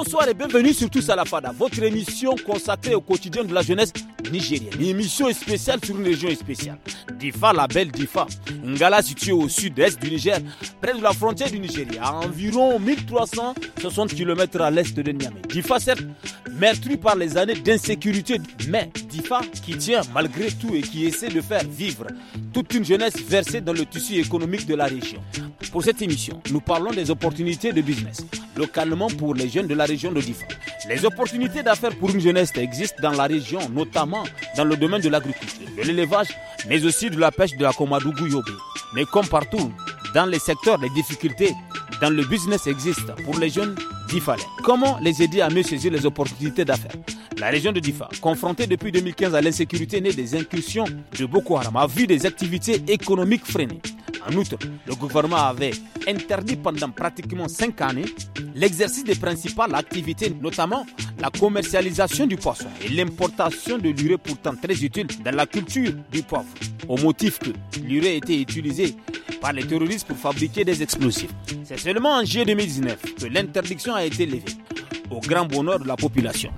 Bonsoir et bienvenue sur Tous à la Fada, votre émission consacrée au quotidien de la jeunesse nigérienne. Une émission spéciale sur une région spéciale. Difa, la belle Difa. Ngala, située au sud-est du Niger, près de la frontière du Nigeria, à environ 1360 km à l'est de Niamey. Difa, certes, meurtri par les années d'insécurité, mais Difa qui tient malgré tout et qui essaie de faire vivre toute une jeunesse versée dans le tissu économique de la région. Pour cette émission, nous parlons des opportunités de business localement pour les jeunes de la région de Difa. Les opportunités d'affaires pour une jeunesse existent dans la région, notamment dans le domaine de l'agriculture, de l'élevage, mais aussi de la pêche de la Komadougou Yobé. Mais comme partout, dans les secteurs, les difficultés dans le business existent pour les jeunes Difalais. Comment les aider à mieux saisir les opportunités d'affaires La région de Difa, confrontée depuis 2015 à l'insécurité née des incursions de Boko Haram, a vu des activités économiques freinées. En outre, le gouvernement avait interdit pendant pratiquement 5 années l'exercice des principales activités, notamment la commercialisation du poisson et l'importation de l'urée pourtant très utile dans la culture du poivre, au motif que l'urée était utilisée par les terroristes pour fabriquer des explosifs. C'est seulement en juillet 2019 que l'interdiction a été levée, au grand bonheur de la population.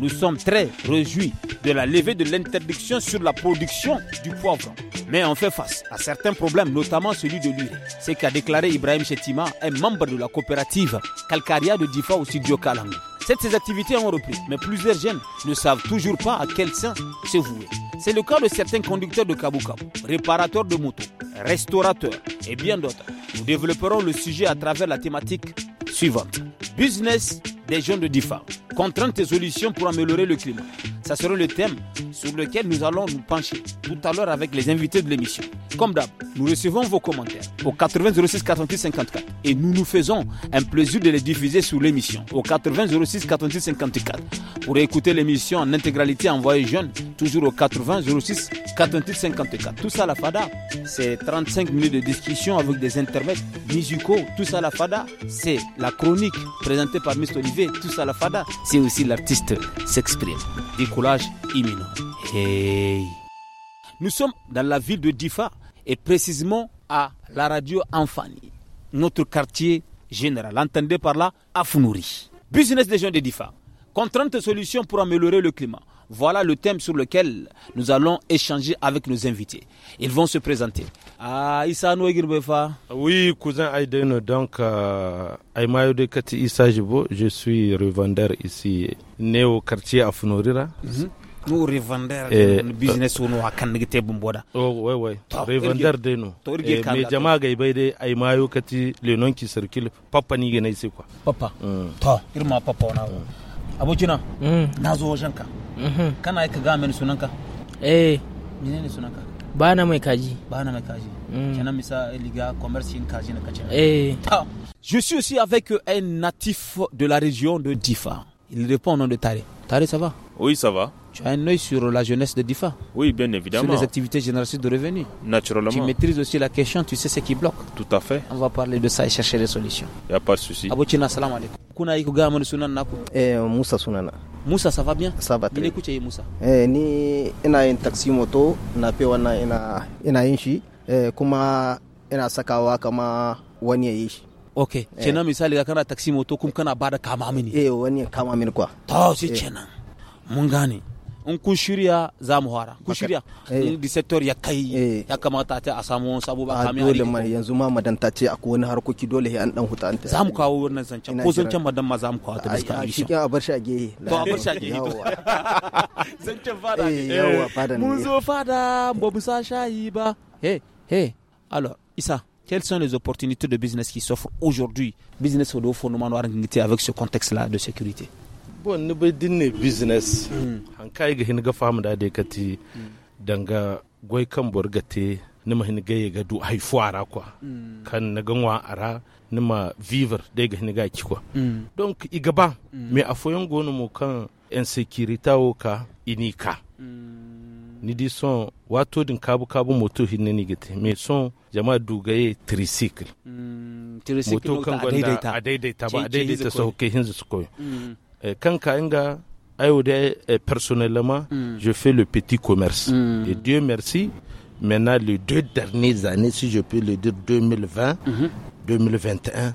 Nous sommes très réjouis de la levée de l'interdiction sur la production du poivre. Mais on fait face à certains problèmes, notamment celui de l'huile. C'est qu'a déclaré Ibrahim Chetima, un membre de la coopérative Calcaria de Difa au studio Kalangu. Ces activités ont repris, mais plusieurs jeunes ne savent toujours pas à quel sens se vouer. C'est le cas de certains conducteurs de Kabuka, réparateurs de motos, restaurateurs et bien d'autres. Nous développerons le sujet à travers la thématique suivante. Business des jeunes de DIFA. Contraintes et solutions pour améliorer le climat. Ça sera le thème sur lequel nous allons nous pencher tout à l'heure avec les invités de l'émission. Comme d'hab, nous recevons vos commentaires au 80 06 48 54 et nous nous faisons un plaisir de les diffuser sur l'émission au 80 06 54. Pour écouter l'émission en intégralité envoyez jeune, toujours au 80 06 46 54. Tout ça à la fada, c'est 35 minutes de discussion avec des intermèdes musicaux. Tout ça à la fada, c'est la chronique présentée par Mr. Tout ça la fada, c'est aussi l'artiste s'exprime. Décollage imminent. Hey. Nous sommes dans la ville de Difa et précisément à la radio Enfani, notre quartier général, entendez par là Afnouri. Business des gens de Difa. Contrainte solutions pour améliorer le climat. Voilà le thème sur lequel nous allons échanger avec nos invités. Ils vont se présenter. Ah, Issa Noegirbefa. Oui, cousin Aiden, donc euh, Aimayo de Kati Issa je suis revendeur ici, né au quartier Afunorira. -hmm. Nous revendeur business où nous akan ngite bumboda. Oh ouais ouais. Revendeur de nous. mais jama ga ibaide ay kati le nom qui circule papa ni ici quoi. Papa. Mm. To m'a papa na abokina mm. na zo wajen ka mm-hmm. kana yi ka ga mini ka eh menene sunanka ba na mai kaji ba na mai kaji mm. kenan misa liga commerce kaji na kace eh je suis aussi avec un natif de la région de Difa il répond au nom de Tarek Tari, ça va Oui, ça va. Tu as un œil sur la jeunesse de DIFA Oui, bien évidemment. Sur les activités génératrices de revenus Naturellement. Tu maîtrises aussi la question, tu sais ce qui bloque. Tout à fait. On va parler de ça et chercher des solutions. Il n'y a pas de souci. Abouchina, salam alaikum. Kuna iku gama sunan naku? Eh, Moussa sunana. Moussa, ça va bien Ça va très bien. Ni eh, Moussa Eh, ni ina un taxi moto, na pewana wana ina ina yin shi, eh, kuma ina sakawa kama wani yayi ok eh. kenan misali kana taxi moto kuma kana bada kama mini eh wani kama mini kwa to shi eh. kenan mun gane in kun shirya za mu fara kun shirya di eh. sector ya kai ya kamata ta a samu wani sabo ba ah, kamin a dole ma yanzu ma madan ta ce akwai wani harkoki dole an dan huta an ta za mu kawo wannan zancen ko zancen madan ma za mu kawo ta bisa a cikin a bar shi a gehe to a bar shi a gehe to zancen fada yawa fada mun zo fada ba mu sa shayi ba he he alo isa quelles sont les opportunités de business qui s'offrent aujourd'hui Business au fondement avec ce contexte-là de sécurité. Bon, nous avons business. Hmm. En cas de hinga femme d'adékati, danga goy kambor gate, nima hinga yega du haifuara quoi. Kan nagangwa ara, nima vivre dega hinga chikwa. Donc, igaba, hmm. mais afoyongo numu kan insécurité au ka inika ni di sɔn waa din kaabu kaabu moto hinne ni gite me sɔn jama duga ye mm, tricycle moto kan gwanda a daidaita ba a daidaita sau ke hinzu su koyo mm. eh, kan ka ayo eh, personnellement mm. je fais le petit commerce mm. et Dieu merci maintenant les deux dernières années si je peux le dire 2020 -hmm. 2021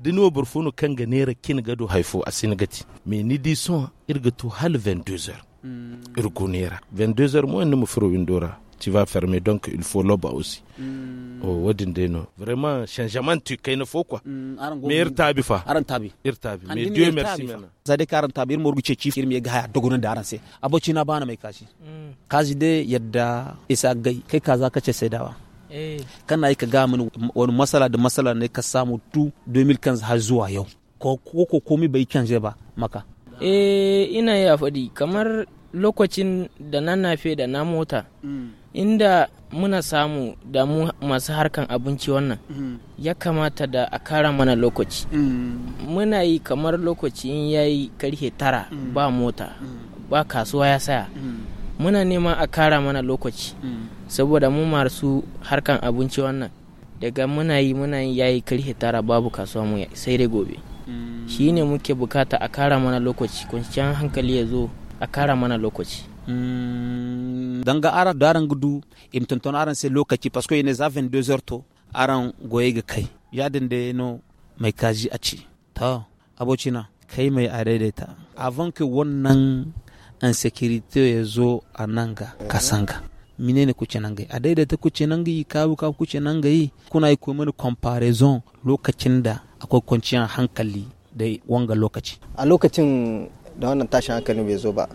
dino burfunu kan ga nera kin gado haifo a senegati mais ni di son irga to hal 22h mm. irgo nera 22h mo en mu furo windora tu vas fermer donc il faut loba aussi mm. o oh, wadin de no vraiment changement tu kayna fo quoi mm, mais ir tabi fa aran tabi ir tabi mais dieu merci maintenant zade karan tabi ir morgu chechif ir mi ga dogonan da aran se abocina bana mai kashi mm. kazi de yadda isa gai kai kaza ka sai dawa Eh. kana yi ka ga mini wani matsala da matsala ne ka samu tu 2015 har zuwa yau ko ko komi bai canje ba maka eh ina ya faɗi kamar lokacin da na nafe da na mota mm. inda muna samu da mu masu harkan abinci wannan mm. ya kamata da a kara mana lokaci mm. muna yi kamar lokaci in yayi karfe tara ba mota ba kasuwa ya saya muna nema a kara mana lokaci mm. saboda mu masu harkan abinci wannan daga muna yi muna yi yayi karfe tara babu kasuwa mu sai dai gobe mm. shi ne muke bukata a kara mana lokaci kwanciyar hankali ya zo a kara mana lokaci mm. danga ara daran gudu imtonton aran sai lokaci parce que yana zafin 2 to aran goye ga kai yadin da n'o. mai kaji a ci ta abocina kai mai a daidaita avant que wannan insécurité ya zo a nan ga kasanga menene kuce nan gai a ta kuce nan gai ka kawo kuce nan gai kuna yi komai comparison lokacin da akwai kwanciyar hankali da wanga lokaci a lokacin da wannan tashin hankalin bai zo ba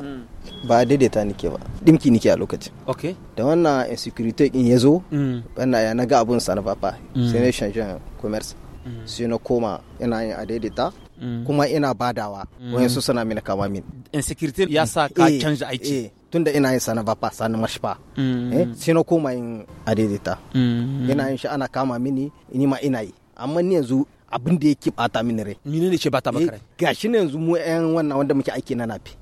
ba daidaita nike ba dimki nike a lokacin ok da wannan insecurity in ya zo mm. wannan ya naga abun sana fafa mm. sai na shanshan commerce mm. sai na koma ina yin a daidaita Mm. kuma ina badawa mm. su suna mini kama min insecurity eh, ya sa ka eh, canza aiki eh, tunda ina yin sana ba fasa na mashfa mm. sai na koma yin adidita ina yin shi ana kama mini ni ma ina yi amma ni yanzu abin da yake bata min rai mini ne ce bata maka rai gashi ne yanzu mu yan wannan wanda muke aiki na nafi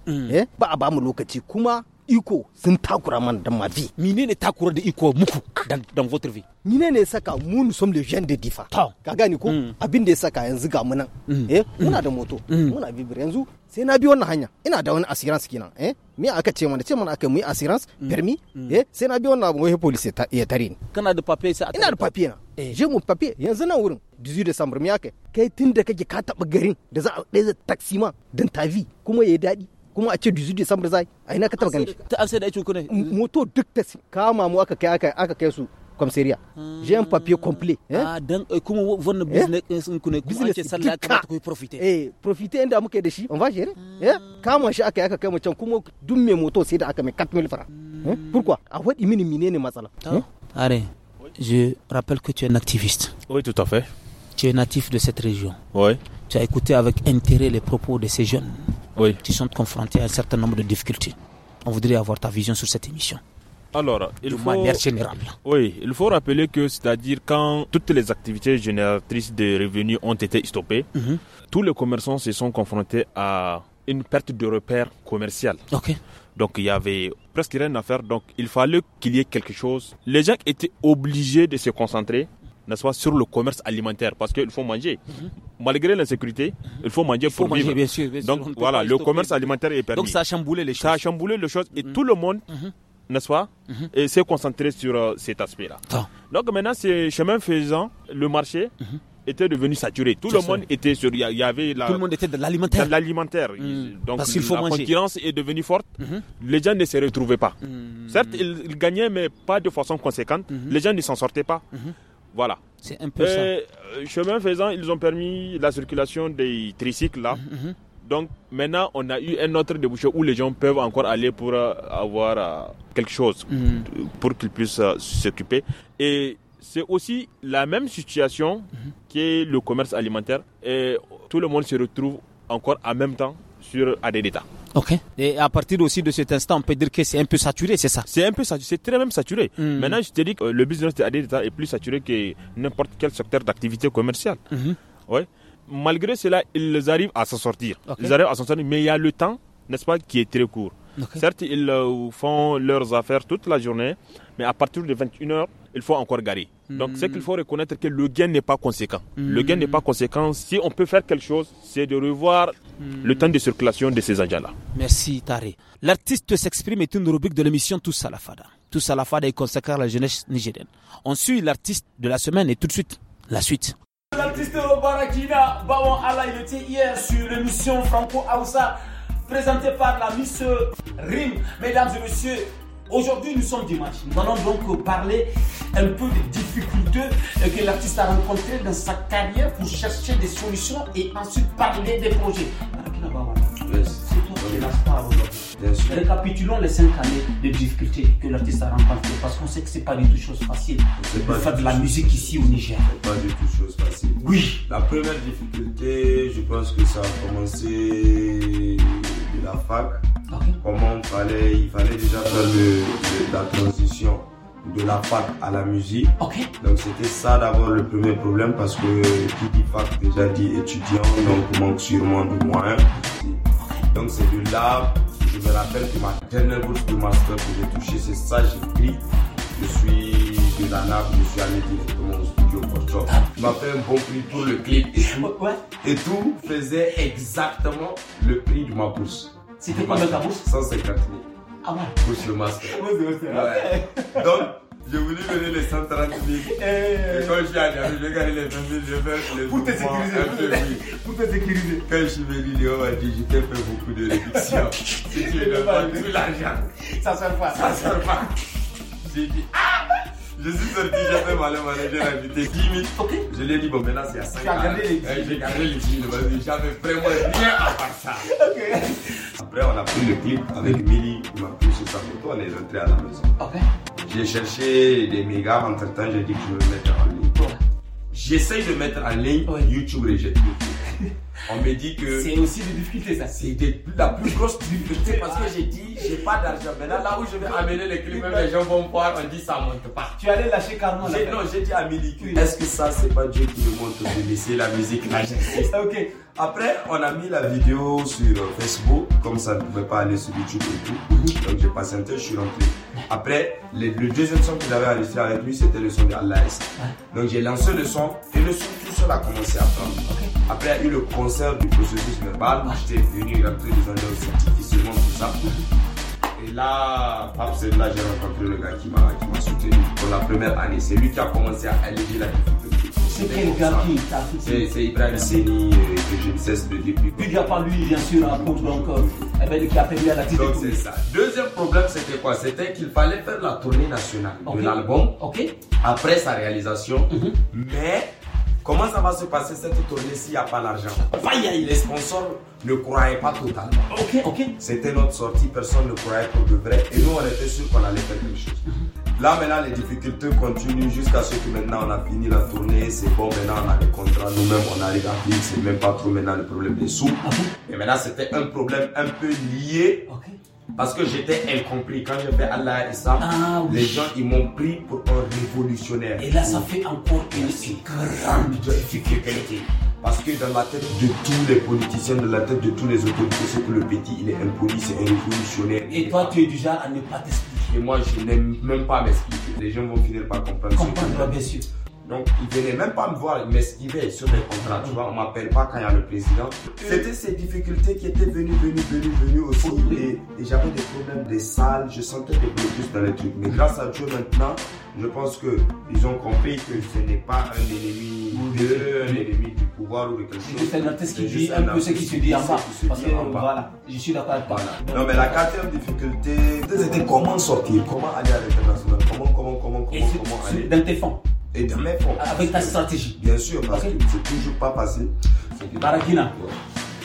ba a bamu lokaci kuma iko sun takura man d'a ma vie mine ne takura da iko muku dan votre vie mine ne saka mu nous sommes les jeunes de difa ka gani ko mm. abin da ya saka yanzu ga mu nan mm. eh mm. muna da moto muna bibir yanzu sai na bi wannan hanya ina da wani assurance kenan eh me aka ce mana ce mana aka yi assurance permis eh sai na bi wannan abu wai police ta ya tare ni kana da papier sai ina da papier na eh. je mu papier yanzu nan wurin 18 December me aka kai tun da kake ka taba garin da za a ɗaya taxi ma dan ta vie kuma yayi daɗi kuma a ce 18 December zai a ina ka taba ganin ta afsa da aikin kuna moto duk ta kama mu aka kai aka aka kai su komisariya hmm. j'ai un papier complet hein. ah dan eh, kuma wannan business din kuna kuma ake sallah kamata ku profite eh profite inda muke da shi on va gérer hmm. eh kama shi aka aka kai mu can kuma duk mai moto sai da aka mai 4000 francs hmm. eh? pourquoi a wadi mini menene matsala are eh? je rappelle que tu es un activiste oui tout à fait tu es natif de cette région. Oui. Tu as écouté avec intérêt les propos de ces jeunes qui sont confrontés à un certain nombre de difficultés. On voudrait avoir ta vision sur cette émission. Alors, il de faut, manière générale. Oui, il faut rappeler que, c'est-à-dire quand toutes les activités génératrices de revenus ont été stoppées, mhm. tous les commerçants se sont confrontés à une perte de repère commercial. OK. Donc il y avait presque rien à faire, donc il fallait qu'il y ait quelque chose. Les gens étaient obligés de se concentrer nest sur le commerce alimentaire, parce qu'il faut manger. Mhm. Malgré l'insécurité, il faut manger pour manger, vivre. Bien sûr, Donc voilà, le commerce alimentaire est permis. Donc ça a chamboulé les choses. Ça a chamboulé les choses et mhm. tout le monde, mhm. n'est-ce pas, et s'est concentré sur euh, cet aspect-là. Donc maintenant, c'est chemin faisant, le marché était devenu saturé. Tout le monde était sur. Il y avait la, Tout le monde était de l'alimentaire. l'alimentaire. Donc faut la concurrence est devenue forte. Les gens ne se retrouvaient pas. Certes, ils, gagnaient, mais pas de façon conséquente. Les gens ne s'en sortaient pas. Voilà. C'est un peu Et euh, Chemin faisant, ils ont permis la circulation des tricycles là. Mhm, mhm. Donc maintenant, on a eu un autre débouché où les gens peuvent encore aller pour euh, avoir euh, quelque chose mhm. pour qu'ils puissent s'occuper. Et c'est aussi la même situation qu'est le commerce alimentaire. Et tout le monde se retrouve encore en même temps sur ADD. Ok. Et à partir aussi de cet instant, on peut dire que c'est un peu saturé, c'est ça C'est un peu saturé, c'est très même saturé. Hmm. Maintenant, je te dis que euh, le business de l'État est plus saturé que n'importe quel secteur d'activité commerciale. Mhm. Malgré cela, ils arrivent à s'en sortir. Ils arrivent à s'en sortir, mais il y a le temps, n'est-ce pas, qui est très court. Certes, ils euh, font leurs affaires toute la journée, mais à partir de 21h, il faut encore garer. Donc, c'est qu'il hmm. faut reconnaître que le gain n'est pas conséquent. Le gain n'est hmm. pas conséquent. Si on peut faire quelque chose, c'est de revoir hmm. le temps de circulation de ces agents là Merci, Tari L'artiste s'exprime est une rubrique de l'émission Tous à la Fada. Tous à la Fada est consacré à la jeunesse nigérienne. On suit l'artiste de la semaine et tout de suite, la suite. L'artiste Barakina, Allah, était hier sur l'émission Franco Aoussa, présentée par la Miss Rim. Mesdames et messieurs, Aujourd'hui, nous sommes dimanche. Nous allons donc parler un peu des difficultés euh, que l'artiste a rencontrées dans sa carrière pour chercher des solutions et ensuite parler des projets. C'est toi qui pas Récapitulons les cinq années de difficultés que l'artiste a rencontrées parce qu'on sait que ce n'est pas du tout chose facile de faire de la musique ici au Niger. pas du tout chose facile. Oui. La première difficulté, je pense que ça a commencé de la fac. Comment il fallait déjà faire la transition de la fac à la musique. Donc c'était ça d'abord le premier problème parce que qui dit fac déjà dit étudiant, donc manque sûrement de moyens. Donc c'est de là, je me rappelle que ma dernière bourse de master que j'ai touchée, c'est ça, j'ai pris. Je suis de la nappe, je suis allé directement au studio Photoshop. Ah, il m'a fait un bon prix pour le clip Et tout faisait exactement le prix de ma bourse. C'était dans ta bouche. 150 000. Ah ouais Bouche le masque. Donc, j'ai voulu venir les 130 000. Et quand je suis arrivé, j'ai gagné les 20 000, vais fait les Pour te sécuriser. Pour te sécuriser. Quand je suis venu, oh, Léo m'a dit Je t'ai fait beaucoup de réductions. Si tu es pas tout l'argent, ça sert pas. Ça pas. J'ai dit Ah je suis sorti, j'ai fait mal j'ai j'ai 10 000. Ok. Je lui ai dit, bon, maintenant c'est à 5 000. Eh, j'ai gardé les 10 000. J'ai gardé les 10 000 j'avais vraiment rien à part ça. Après, on a pris le clip avec Mili, ma pris sur sa photo, on est rentré à la maison. Ok. J'ai cherché des mégas, entre temps, j'ai dit que je veux mettre en ligne. J'essaye de mettre en ligne, YouTube tout fait. On me dit que. C'est aussi des difficultés, ça. C'est la plus grosse difficulté parce que j'ai dit, j'ai pas d'argent. Maintenant, là où je vais amener les clips, même les gens vont voir, on dit, ça monte pas. Tu allais lâcher carrément là. Non, j'ai dit à est-ce que ça, c'est pas Dieu qui nous montre de c'est la musique Ok. Après, on a mis la vidéo sur euh, Facebook, comme ça ne pouvait pas aller sur YouTube et tout. Mhm. Donc, j'ai patienté, je suis rentré. Après, le, deuxième son que avait enregistré avec lui, c'était le son de Allah Donc, j'ai lancé le son et le son a commencé à prendre. Après, il y a eu le concert du processus verbal. Ah. J'étais venu, il a pris des difficilement, tout ça. Et là, par c'est là j'ai rencontré le gars qui m'a soutenu pour la première année. C'est lui qui a commencé à alléger la difficulté. C'est quel gars qui t'a soutenu C'est Ibrahim Seni, euh, que je ne cesse de dire. Puis il n'y a pas lui, bien sûr, un contre, donc, euh, ben, qui a permis à la Donc c'est ça. Deuxième problème, c'était quoi C'était qu'il fallait faire la tournée nationale de l'album okay. après sa réalisation. Mhm. Mais Comment ça va se passer cette tournée s'il n'y a pas l'argent Les sponsors ne croyaient pas totalement. Ok, ok. C'était notre sortie, personne ne croyait pour de vrai. Et nous, on était sûrs qu'on allait faire quelque chose. Là, maintenant, les difficultés continuent jusqu'à ce que maintenant on a fini la tournée. C'est bon, maintenant on a les contrats. Nous-mêmes, on arrive à vivre. C'est même pas trop maintenant le problème des sous. Ah Et maintenant, c'était un problème un peu lié. Parce que j'étais incompris. Quand j'ai fait Allah et ça, ah les gens ils m'ont pris pour un révolutionnaire. Et là, ça fait encore une, une grande difficulté. Parce que dans la tête de tous les politiciens, dans la tête de tous les autorités, c'est que le petit, il est impoli, c'est un révolutionnaire. Et toi, tu es déjà à ne pas t'expliquer. Et moi, je n'aime même pas m'expliquer. Les gens vont finir par comprendre. Comprendre, bien sûr. Donc, ils venaient même pas me voir m'esquivaient sur les contrats. Tu vois, on m'appelle pas quand il y a le président. C'était ces difficultés qui étaient venues, venues, venues, venues aussi. Et, j'avais des problèmes des salles. Je sentais des juste dans les trucs. Mais grâce à Dieu maintenant, je pense qu'ils ont compris que ce n'est pas un ennemi de, un ennemi du pouvoir ou de quelque chose. C'est juste un artiste qui dit un peu ce qui se dit en bas. voilà, je suis d'accord avec toi. Non, mais la quatrième difficulté, c'était comment sortir, comment aller à l'international, comment, comment, comment, comment, comment aller. D'un tes et demain ah, Avec ta stratégie. Bien sûr, parce que c'est toujours pas passé.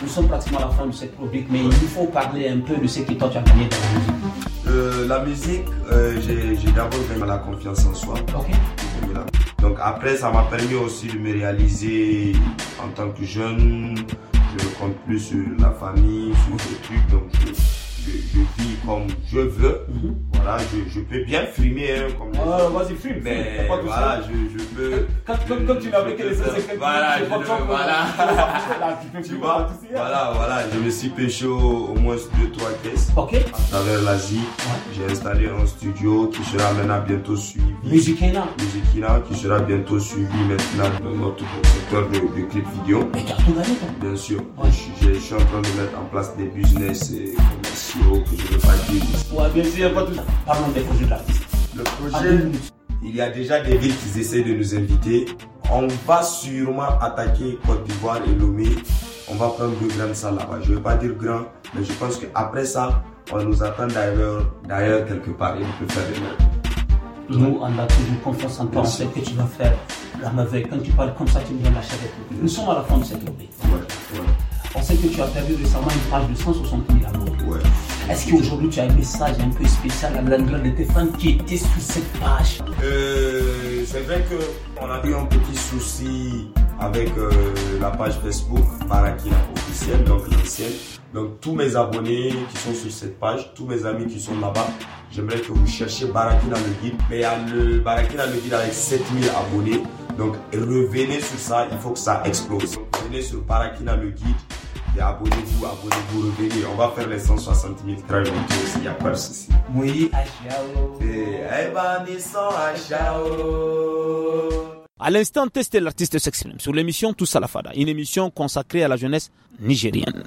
nous sommes pratiquement à la fin de cette rubrique, mais il faut parler un peu de ce que toi tu as gagné dans la musique. Euh, la musique, euh, j'ai d'abord gagné la confiance en soi. Donc après, ça m'a permis aussi de me réaliser en tant que jeune. Je ne compte plus sur la famille, sur des trucs, donc je, je comme je veux. Mhm. Voilà, je, je, peux bien frimer hein, comme ah, Vas-y, frime. Mais voilà, je, je peux. Quand, quand, tu n'avais que les voilà, voilà. tu vois, voilà, voilà, je me suis pêché au, moins deux trois caisses OK. à travers l'Asie. J'ai installé un studio qui sera maintenant bientôt suivi. Musikina. Musikina qui sera bientôt suivi maintenant dans notre secteur de, de clips vidéo. Mais tu tout Bien sûr. Je, je, suis en train de mettre en place des business et euh, commerciaux que je veux pas Parlons des projets Le projet, il y a déjà des villes qui essaient de nous inviter. On va sûrement attaquer Côte d'Ivoire et Lomé. On va prendre deux grandes salles là-bas. Je ne vais pas dire grand, mais je pense qu'après ça, on nous attend d'ailleurs, d'ailleurs quelque part. Et on peut faire Nous, on a toujours confiance en toi, on sait que tu vas faire la merveille. Quand tu parles comme ça, tu me donnes la chair nous. sommes à la fin de cette journée. On sait que tu as perdu récemment une page de 160 000 amours. Ouais. Est-ce qu'aujourd'hui tu as un message un peu spécial à l'endroit de tes fans qui étaient sur cette page euh, C'est vrai qu'on a eu un petit souci avec euh, la page Facebook Barakina officielle, donc officielle. Donc tous mes abonnés qui sont sur cette page, tous mes amis qui sont là-bas, j'aimerais que vous cherchiez Barakina le guide. Mais il y a le Barakina le guide avec 7000 abonnés. Donc revenez sur ça, il faut que ça explose. Donc, sur Barakina le guide et abonnez-vous, abonnez-vous, revenez. On va faire les 160 000 très il n'y a pas de souci. Oui, à eh, eh, bah, l'instant, testez l'artiste s'exprime sur l'émission Tous à Fada, une émission consacrée à la jeunesse nigérienne.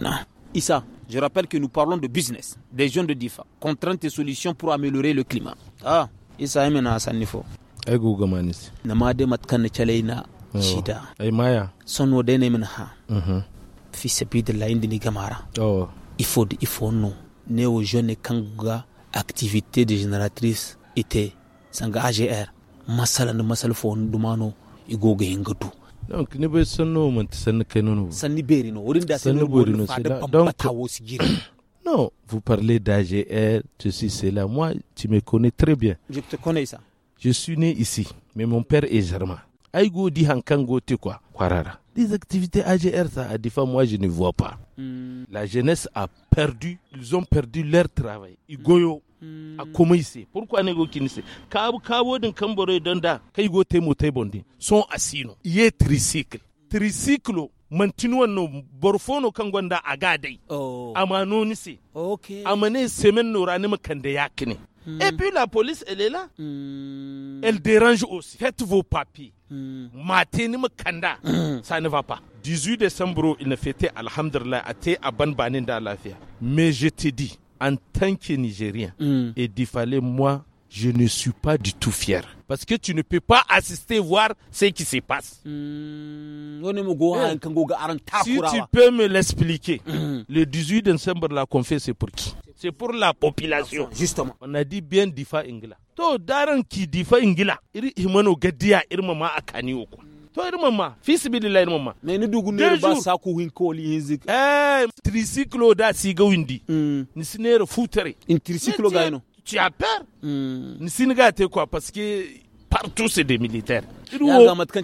Issa, je rappelle que nous parlons de business, des jeunes de DIFA, contraintes et solutions pour améliorer le climat. Ah, Issa, Emena Sanifo. Ego eh, Gamanis. Namade Matkane Chaleina. Oh. chida Hey Maya. Son Odenemena. Mm-hmm fisabidillah de gamara oh. il faut il faut non né au jeune kanga activité de génératrice était sanga AGR masala no masala fo dumano igoga hingatu donc ne be sanno man sanne kenunu sanni berino orinda sanne berino donc non vous parlez d'AGR ceci là moi tu me connais très bien je te connais ça je suis né ici mais mon père est germain aigo di hankango te quoi Quarara. Des activités AGR, ça, à des fois, moi, je ne vois pas. Mm. La jeunesse a perdu, ils ont perdu leur travail. Igoyo, hmm. a koma pourquoi ne go kinise Kabo, kabu din kamboro don da kai go te mo te bondi son asino ye tricycle tricycle maintenant, nos borfono kan Agade, oh. amano Nisi, okay. amane semen nora ne Et puis la police, elle est là. Mm. Elle dérange aussi. Faites vos papiers ça mm. mm. ne va pas 18 décembre il ne fêtait alhamdulillah à da mais je te dis en tant que nigérien mm. et dit fallait moi je ne suis pas du tout fier. Parce que tu ne peux pas assister voir ce qui se passe. Eh. Si tu peux me l'expliquer, le 18 décembre, la confesse, c'est pour qui c'est pour la population. Justement. On a dit bien difa ingila. To daran ki difa ingila iri himano dit akanioko. ma To ma dit ma. Me ne ba sa ku hin koli hizik. Eh tricyclo da Ni futere. In tricyclo ga Tu as peur? Hmm. Ni s'inga te quoi parce que partout c'est des militaires. ma matkan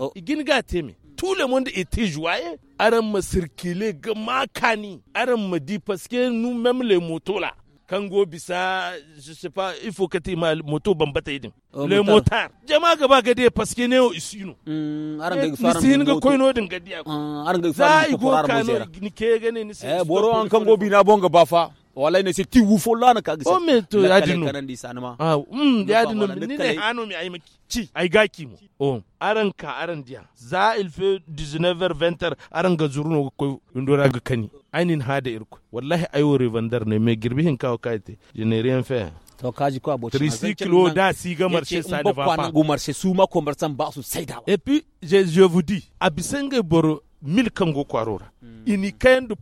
oh. ma. tout le monde était joyeux. Aram me circuler ga kani. Aram me dit parce que nous même les motos là, kango bisa je sais pas il faut que tu ma moto bambata idin oh, le motar jama gaba gade parce que ne ici hmm, eh, no mm, aran da faran sin ga koino din gadi aran da faran ko rara mo zera ni ke gane ni sai eh boro an kango bi na bonga bafa. wala ne sitti wufo lana ka gisa o oh, me to ya dinu kanan di sanuma ah mm ya dinu ni ne anu mi ai maki ci ga ki mu o oh, aran ka aran dia za il fe 19 20 aran ga zurno ko ndora ga kani ainin hada irku wallahi ayo revander ne me girbihin kawo kaite rien fe to kaji ko abocin tricycle da si ga marshe sani ba fa go marshe su ma ko marsan ba su saida et puis je je vous dis abisenge boro milkango kwarora hmm. ini kayen de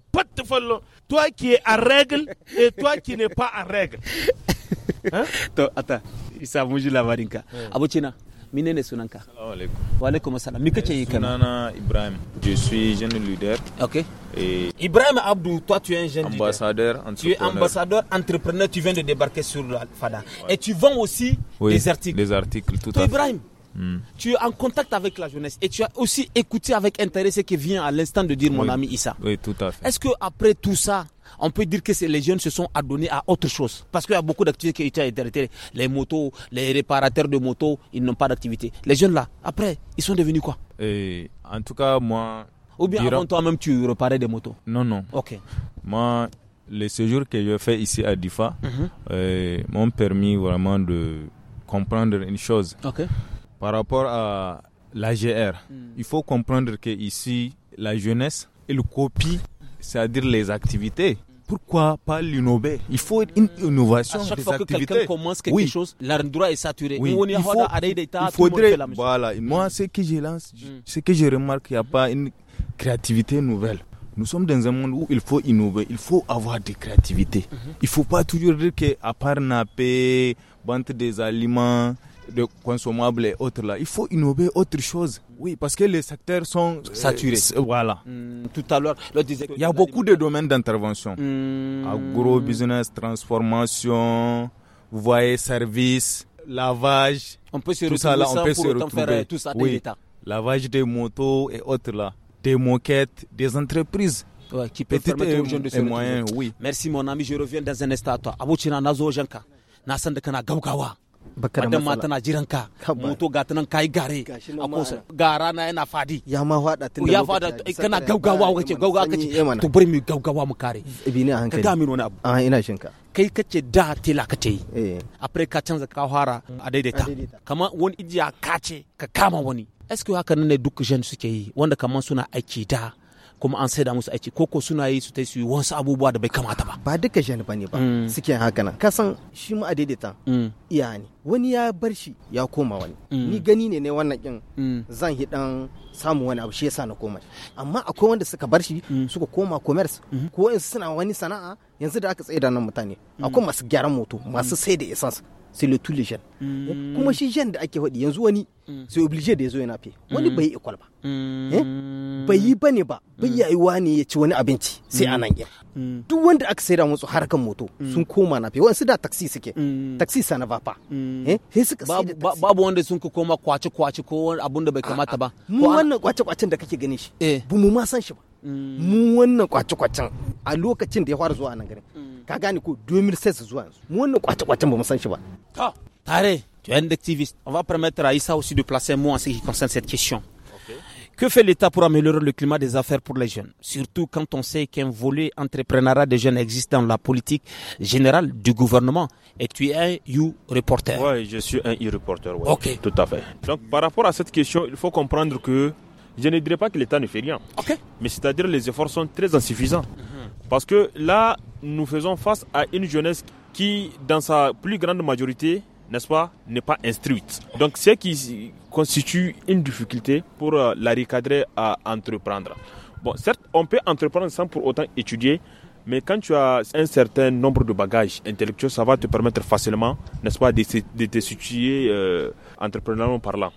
toi qui es à règle et toi qui n'es pas à règle hein to ata isa la la hmm. abocina minene sunanka alaikum wa alaikum assalam Mika ibrahim je suis jeune leader ok et ibrahim abdou toi tu es un jeune ambassadeur leader. entrepreneur tu es ambassadeur entrepreneur tu viens de débarquer sur la fada et tu vends aussi des articles des articles tout à fait ibrahim Hmm. Tu es en contact avec la jeunesse et tu as aussi écouté avec intérêt ce qui vient à l'instant de dire mon ami Issa. Oui, tout à fait. Est-ce que après tout ça, on peut dire que les jeunes se sont adonnés à autre chose Parce qu'il y a beaucoup d'activités qui ont été arrêtées. Les motos, les réparateurs de motos, ils n'ont pas d'activité. Les jeunes là, après, ils sont devenus quoi et En tout cas, moi. Ou bien avant toi-même, tu réparais des motos Non, non. Ok. Moi, les séjours que j'ai fait ici à Difa mhm. euh, m'ont permis vraiment de comprendre une chose. Ok par rapport à l'AGR, hmm. il faut comprendre que ici, la jeunesse, elle copie, c'est-à-dire les activités. Hmm. Pourquoi pas l'innover Il faut une innovation. À chaque fois que quelqu'un commence quelque chose, l'endroit est saturé. Il, faut, il faudrait, voilà, moi, ce que je lance, hmm. ce que je remarque, il n'y a pas une créativité nouvelle. Nous sommes dans un monde où il faut innover, il faut avoir des créativités. Mhm. Il ne faut pas toujours dire qu'à part napper, vendre des aliments, de consommables et autres là. Il faut innover autre chose. Oui, parce que les secteurs sont euh, saturés. voilà. Hmm, tout à l'heure, Il y a beaucoup de domaines d'intervention. gros hmm. Agro-business, transformation, vous voyez, service, lavage. On peut se tout ça, là, on peut se euh, retrouver. tout ça oui. Lavage des motos et autres là. Des moquettes, des entreprises. qui peut permettre aux de se moyen, oui. Merci mon ami, je reviens dans un instant à toi. Abouchina Nazo Janka. de Gaugawa. madan ma tana jiran ka moto ga tanan kai gare a kosa gara na yana fadi ya ma fada tun ya fada eh, kana gaugawa eh, kace gaugawa eh, kace to bari mu gaugawa mu kare ibi ne a hankali ka min wani abu a ina ka kai kace da tela ka ce yi apre ka canza ka fara mm. a daidaita kamar wani ijiya ka ce ka kama wani eske haka ne duk jen suke yi wanda kamar suna aiki da kuma an saida musu aiki koko suna yi su ta su yi wasu abubuwa da bai kamata ba ba duka jan ba ne mm. ba suke haka nan ka san shi mu daidaita mm. iya ne wani ya bar shi ya koma wani mm. ni gani ne ne wannan kin zan yi dan samu wani abu shi yasa na koma amma akwai wanda suka bar shi suka koma commerce mm-hmm. ko in suna wani sana'a yanzu da aka tsaye da nan mutane akwai masu gyaran moto masu sai da essence c'est le tout les jeunes. Hmm. kuma shi jeune da ake faɗi yanzu wani hmm. sai obligé da yazo yana fi wani hmm. bai yi ikwal eh? ba bai yi bane ba bai yayuwa ne ya ci wani abinci sai anan yin duk wanda aka saida musu harkan moto sun koma na fe wasu da taxi suke taxi sana va pa sai eh? suka babu wanda sun ka koma kwace kwace ko abun da bai kamata ba mu wannan kwace kwacen da kake ganin shi eh. bu mu ma san shi ba mu tare tu es un activiste on va permettre à Issa aussi de placer un mot en ce qui concerne cette question que fait l'État pour améliorer le climat des affaires pour les jeunes Surtout quand on sait qu'un volet entrepreneuriat des jeunes existe dans la politique générale du gouvernement. Et tu es un e-reporter. Oui, je suis un e-reporter. Ok. Tout à fait. Donc, par rapport à cette question, il faut comprendre que je ne dirais pas que l'État ne fait rien. Mais c'est-à-dire que les efforts sont très insuffisants. Mhm. Parce que là, nous faisons face à une jeunesse qui, dans sa plus grande majorité, n'est-ce pas, n'est pas instruite. Donc, ce qui constitue une difficulté pour euh, la recadrer à entreprendre. Bon, certes, on peut entreprendre sans pour autant étudier, mais quand tu as un certain nombre de bagages intellectuels, ça va te permettre facilement, n'est-ce pas, de, te situer euh, parlant.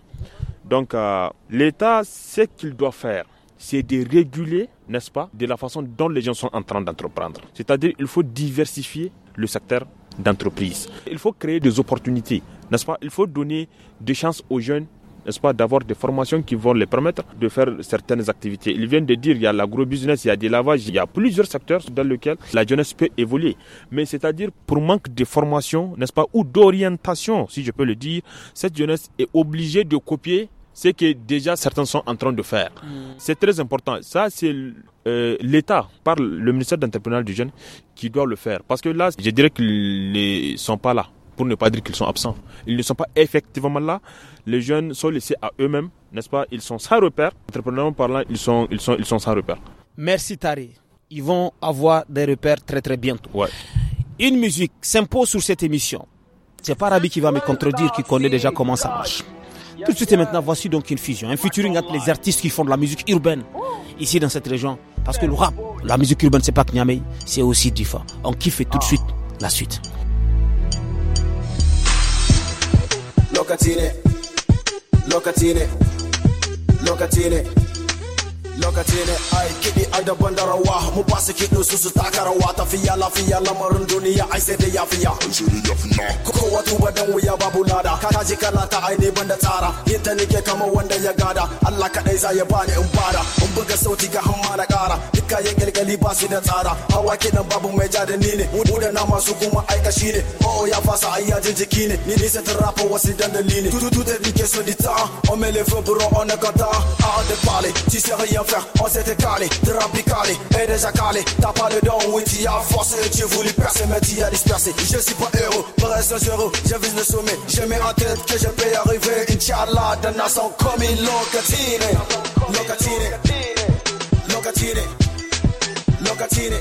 Donc euh, l'État ce qu'il doit faire c'est de réguler, n'est-ce pas, de la façon dont les gens sont en train d'entreprendre. C'est-à-dire il faut diversifier le secteur d'entreprise. Il faut créer des opportunités, n'est-ce pas Il faut donner des chances aux jeunes, n'est-ce pas, d'avoir des formations qui vont les permettre de faire certaines activités. Ils viennent de dire il y a l'agro-business, il y a des lavages, il y a plusieurs secteurs dans lesquels la jeunesse peut évoluer. Mais c'est-à-dire pour manque de formation, n'est-ce pas, ou d'orientation, si je peux le dire, cette jeunesse est obligée de copier ce que déjà certains sont en train de faire. Mm. C'est très important. Ça, c'est euh, l'État, par le ministère d'entrepreneuriat du jeune, qui doit le faire. Parce que là, je dirais qu'ils ne sont pas là, pour ne pas dire qu'ils sont absents. Ils ne sont pas effectivement là. Les jeunes sont laissés à eux-mêmes, n'est-ce pas Ils sont sans repère. Entrepreneurs parlant, ils sont, ils, sont, ils sont sans repère. Merci Tari. Ils vont avoir des repères très très bientôt. Une musique s'impose sur cette émission. C'est pas Rabi qui va me contredire, qui connaît déjà comment ça marche. Tout de suite et maintenant, voici donc une fusion, un featuring entre les artistes qui font de la musique urbaine ici dans cette région. Parce que le rap, la musique urbaine, c'est pas que Niamey, c'est aussi Diffa. On kiffe tout de ah. suite la suite. Locatine, locatine, locatine. lokaci ne ai kiɗi ai wa da rawa mu ba su kiɗin su su taka rawa tafiya lafiya lamarin duniya ai sai da wa kowa tuba dan wuya babu lada ka ji la ta ai ne banda tsara yin ta nike kama wanda ya gada Allah kadai za ya bani in bada in buga sauti ga hamma na kara duka yin galgali ba su da tsara hawa kiɗan babu mai ja da ni ne mu da na masu kuma aikashi ne oh ya fasa ai ya jiki ne ni nisa ta rafa wasu dandali ne tutu da nike so di ta on me le feu pour on ne kata a de parler tu sais rien faire, on s'était calé, rempli calé, et déjà calé. T'as pas le don, oui, tu as forcé, tu voulu percer, mais tu as dispersé. Je suis pas héros, pas sans zéro, je vise le sommet. Je mets en tête que je peux y arriver, Inch'Allah, de nation comme il locatine. Locatine, locatine, locatine,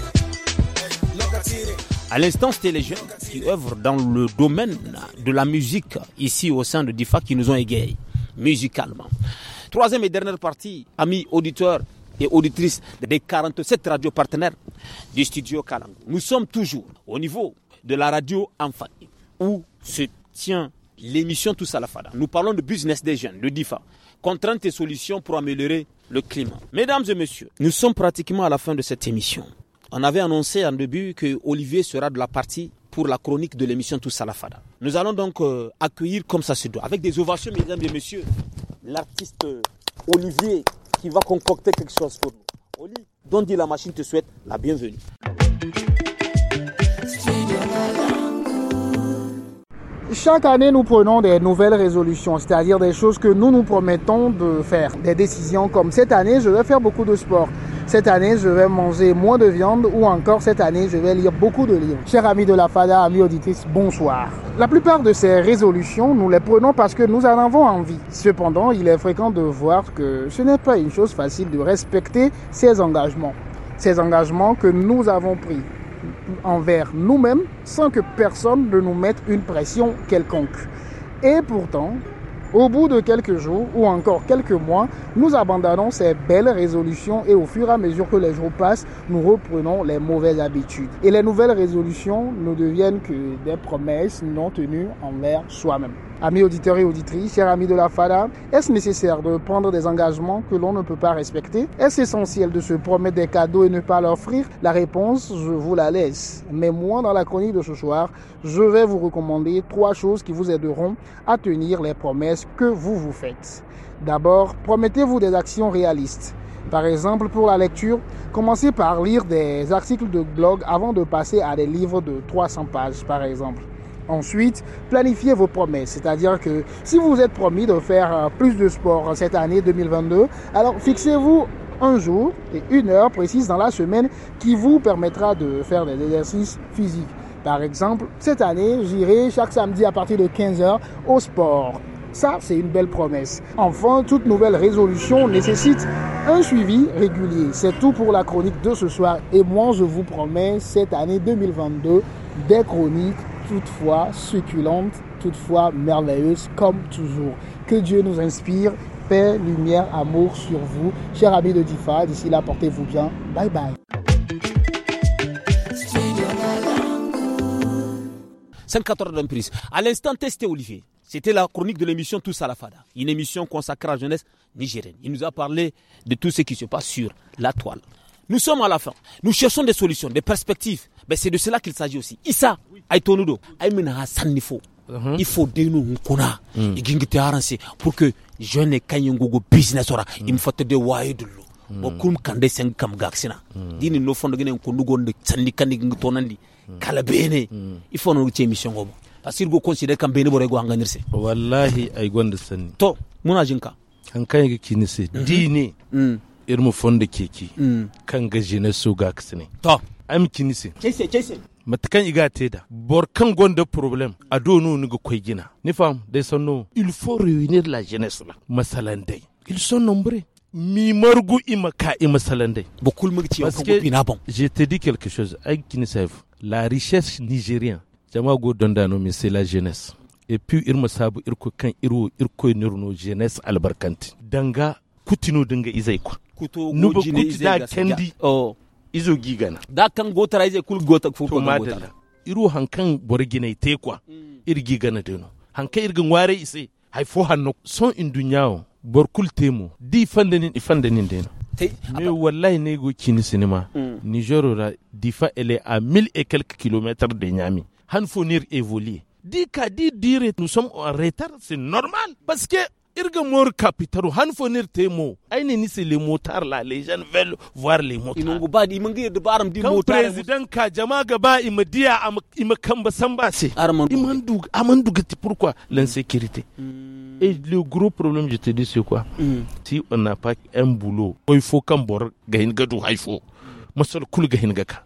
locatine. À l'instant, c'était les jeunes qui œuvrent dans le domaine de la musique ici au sein de DIFA qui nous ont égayés musicalement troisième et dernière partie, amis auditeurs et auditrices des 47 radios partenaires du studio Kalango. Nous sommes toujours au niveau de la radio Enfant, où se tient l'émission Tous Fada. Nous parlons de business des jeunes, de DIFA, contraintes et solutions pour améliorer le climat. Mesdames et messieurs, nous sommes pratiquement à la fin de cette émission. On avait annoncé en début que Olivier sera de la partie pour la chronique de l'émission Tous Fada. Nous allons donc euh, accueillir comme ça se doit, avec des ovations, mesdames et messieurs, l'artiste Olivier qui va concocter quelque chose pour nous. Olivier, dont dit la machine te souhaite la bienvenue. Chaque année, nous prenons des nouvelles résolutions, c'est-à-dire des choses que nous nous promettons de faire, des décisions comme cette année, je vais faire beaucoup de sport cette année, je vais manger moins de viande ou encore cette année, je vais lire beaucoup de livres. Chers amis de la FADA, amis auditrices, bonsoir. La plupart de ces résolutions, nous les prenons parce que nous en avons envie. Cependant, il est fréquent de voir que ce n'est pas une chose facile de respecter ces engagements. Ces engagements que nous avons pris envers nous-mêmes sans que personne ne nous mette une pression quelconque. Et pourtant, au bout de quelques jours ou encore quelques mois, nous abandonnons ces belles résolutions et au fur et à mesure que les jours passent, nous reprenons les mauvaises habitudes. Et les nouvelles résolutions ne deviennent que des promesses non tenues envers soi-même. Amis auditeurs et auditrices, chers amis de la FADA, est-ce nécessaire de prendre des engagements que l'on ne peut pas respecter Est-ce essentiel de se promettre des cadeaux et ne pas leur offrir La réponse, je vous la laisse. Mais moi, dans la chronique de ce soir, je vais vous recommander trois choses qui vous aideront à tenir les promesses que vous vous faites. D'abord, promettez-vous des actions réalistes. Par exemple, pour la lecture, commencez par lire des articles de blog avant de passer à des livres de 300 pages, par exemple. Ensuite, planifiez vos promesses, c'est-à-dire que si vous vous êtes promis de faire euh, plus de sport euh, cette année 2022, alors fixez-vous un jour et une heure précise dans la semaine qui vous permettra de faire des exercices physiques. Par exemple, cette année, j'irai chaque samedi à partir de 15h au sport. Ça, c'est une belle promesse. Enfin, toute nouvelle résolution nécessite un suivi régulier. C'est tout pour la chronique de ce soir. Et moi, je vous promets cette année 2022 des chroniques toutefois succulente, toutefois merveilleuse, comme toujours. Que Dieu nous inspire. Paix, lumière, amour sur vous. Cher amis de Difa, d'ici là, portez-vous bien. Bye bye. À l'instant, testé Olivier. C'était la chronique de l'émission Tous à la une émission consacrée à la jeunesse nigérienne. Il nous a parlé de tout ce qui se passe sur la toile. Nous sommes à la fin. Nous cherchons des solutions, des perspectives. Mais c'est de cela qu'il s'agit aussi. Issa, Aïtonudo, Aïmina Hassan mhm. Il faut de nous mhm. pour que jeunes pas business Il faut de kum kande dini no de tonandi kala il faut mission go parce que go wallahi to muna jinka dini irmu fonda keke mm. kan gaji na so ga kisne to am kinise kese kese matakan iga Bor kan gonda problem a donu ni ga koi gina ni fam dai sanno il faut réunir la jeunesse la masalan dai ils sont nombreux mi margu ima ka ima salan dai kul mu ci ko ina bon je te dis quelque chose ai kini la richesse nigérien jama go no mi c'est la jeunesse et puis irma sabu irko kan irwo irko nirno jeunesse albarkanti danga kutinu dinga izai ku kuto nuba kuti da kendi o oh, izo gigana da kan gotara ize kul gota fu ko gotara iru hankan borgine te kwa mm. ir gigana deno hankan irgin ware ise hay fo hanno son bor kul temu di fandanin ifandanin deno mais wallahi ne go kini sinima mm. niger ra difa ele a 1000 et quelques kilomètres de nyami han fonir évoluer di ka di dire nous sommes en retard c'est normal parce que irga mor kapitaru han fonir te mo aini ni c'est les motards là les jeunes veulent voir les motards imungu ba di mungi da baram di motards president ka jama gaba imadiya ima kamba samba se imandu amandu gati pourquoi l'insécurité hmm. Et le gros problème, je te dis, c'est quoi hmm. Si on n'a pas un boulot, il faut qu'on gagne gadou haifo. Masal kul gagne gaka.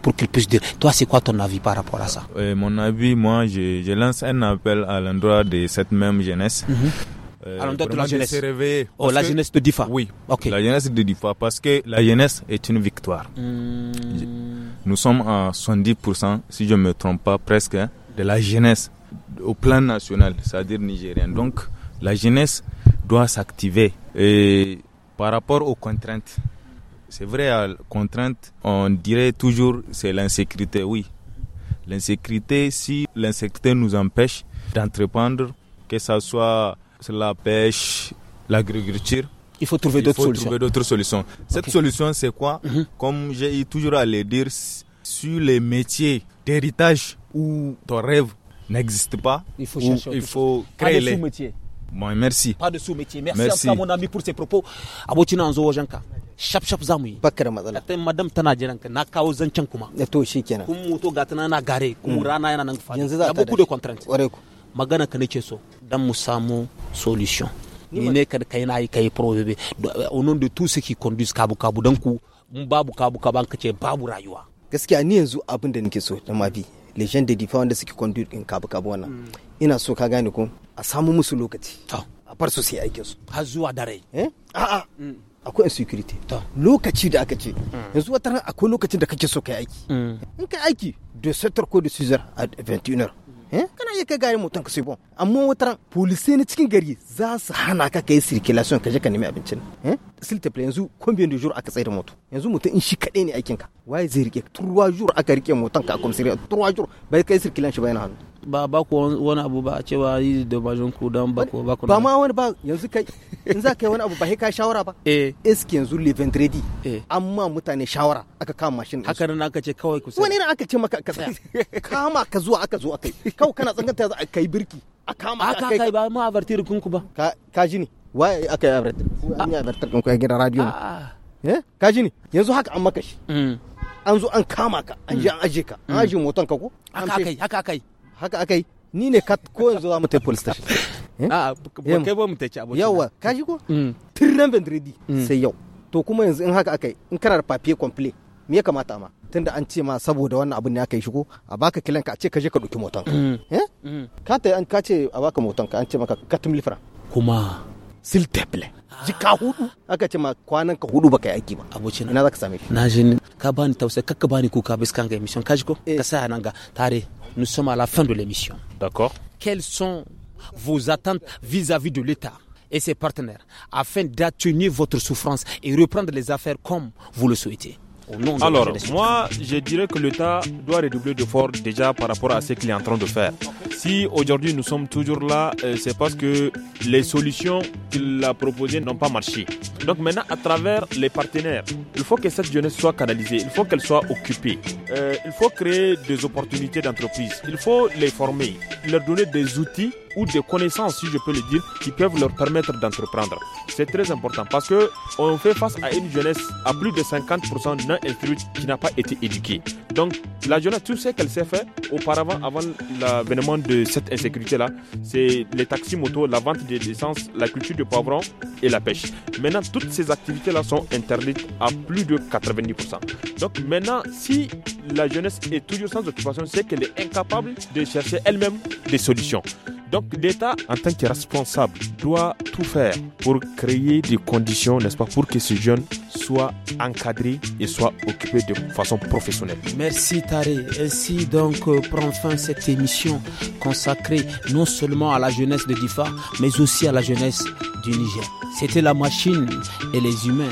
pour qu'ils puissent dire. Toi, c'est quoi ton avis par rapport à ça euh, euh, Mon avis, moi, je, lance un appel à l'endroit de cette même jeunesse. Mhm. Euh, de la jeunesse. De oh, la jeunesse de Difa. Oui. La jeunesse de Difa, parce que la jeunesse est une victoire. Hmm. Nous sommes à 70%, si je ne me trompe pas, presque, hein, de la jeunesse au plan national, c'est-à-dire nigérien. Donc, la jeunesse doit s'activer. Et par rapport aux contraintes, c'est vrai, à contrainte, on dirait toujours c'est l'insécurité, oui. L'insécurité, si l'insécurité nous empêche d'entreprendre, que ce soit la pêche, l'agriculture, il faut trouver d'autres solutions. solutions. Cette solution, c'est quoi mhm. Comme j'ai toujours à le dire, sur les métiers d'héritage où ton rêve n'existe pas, il faut, il faut créer les... Bon, merci. Pas de sous métiers Merci, À mon ami, pour ses propos. Abotina shaf shaf za mu yi bakar matsala ta madam tana jiran ka na kawo zancen kuma Ne to shikenan kun moto ga tana na gare kun mm. rana yana nan fadi yanzu za ta da contract ware ku magana ka nake so dan mu samu solution ni ne ka kai na yi kai probe eh, au nom de tout ce qui conduit kabu kabu dan ku mun babu kabu kaban ka ce babu rayuwa gaskiya ni yanzu abin da nake so da mabi legion da difa wanda suke conduit din kabu kabu wannan mm. ina so ka gane ko a samu musu lokaci To. a bar su sai aikin su har zuwa dare eh a'a mm. akwai insecurity lokaci da aka ce hmm. yanzu wata ran akwai lokacin da kake so kai aiki hmm. in kai aiki da setar ko da sizar a 21 kana iya kai gari mutum ka sai bon amma wata ran polisai na cikin gari za su hana ka kai circulation ka je ka nemi abincin eh? siltaple yanzu combien de jours aka tsaye da moto yanzu mutum in shi kaɗai ne aikinka waye zai rike turwa jours aka rike motan ka a komisariya turwa jours bai kai sirkilan shi bayan hannu ba ba ku wani abu ba a ce ba yi da bajin ku dan ba ku ba ku ba ma wani ba yanzu kai in za ka yi wani abu ba sai ka shawara ba eh eski yanzu le vendredi eh amma mutane shawara aka kama mashin haka nan aka ce kawai ku wani ne aka ce maka ka tsaya kama ka zuwa aka zo akai kawai kana za ka kai birki a kama aka kai ba ma abartir kunku ba ka ji ne waye aka yi abartar an yi abartar kan ku a gidan radio ne ah, ah. Eh, ka ji ni yanzu haka an maka shi mm. an zo an kama ka an ji an mm. aje ka an mm. aje motan ka ko haka akai haka akai haka ni ne ka ko yanzu za mu tafi police station a'a eh? ah, kai ba mu tafi abokin yawa ka ji ko tirren vendredi sai yau to kuma yanzu in haka akai in kana da papier complet me ya kamata ma tunda an ce ma saboda wannan abin ne aka yi shigo a baka kilan ka a ce ka je ka ɗauki motan ka eh? ka ta an ka ce a baka motan ka an ce maka ka tumli fara kuma s'il te plaît ka hudu aka ce ma kwanan ka hudu baka yi aiki ba abocin ina zaka same shi na ji ka bani tausayi kakka bani kuka biskan ga emission ji ko eh. ka sa nan ga tare nous sommes à la fin de l'émission d'accord quelles sont vos attentes vis à -vis de l'État et ses partenaires afin d'atténuer votre souffrance et reprendre les affaires comme vous le souhaitez alors, moi, je dirais que l'État doit redoubler d'efforts déjà par rapport à ce qu'il est en train de faire. Si aujourd'hui nous sommes toujours là, euh, c'est parce que les solutions qu'il a proposées n'ont pas marché. Donc maintenant, à travers les partenaires, il faut que cette jeunesse soit canalisée, il faut qu'elle soit occupée, euh, il faut créer des opportunités d'entreprise, il faut les former, leur donner des outils ou des connaissances, si je peux le dire, qui peuvent leur permettre d'entreprendre. C'est très important parce que on fait face à une jeunesse à plus de 50% non fruit qui n'a pas été éduquée. Donc, la jeunesse, tout ce qu'elle sait faire auparavant, avant l'avènement de cette insécurité-là, c'est les taxis motos, la vente de l'essence, la culture de poivrons et la pêche. Maintenant, toutes ces activités-là sont interdites à plus de 90%. Donc, maintenant, si la jeunesse est toujours sans occupation, c'est qu'elle est incapable de chercher elle-même des solutions. Donc l'État, en tant que responsable, doit tout faire pour créer des conditions, n'est-ce pas, pour que ce jeune soit encadré et soit occupé de façon professionnelle. Merci Taré. Ainsi donc euh, prend fin cette émission consacrée non seulement à la jeunesse de Difa, mais aussi à la jeunesse du Niger. C'était la machine et les humains.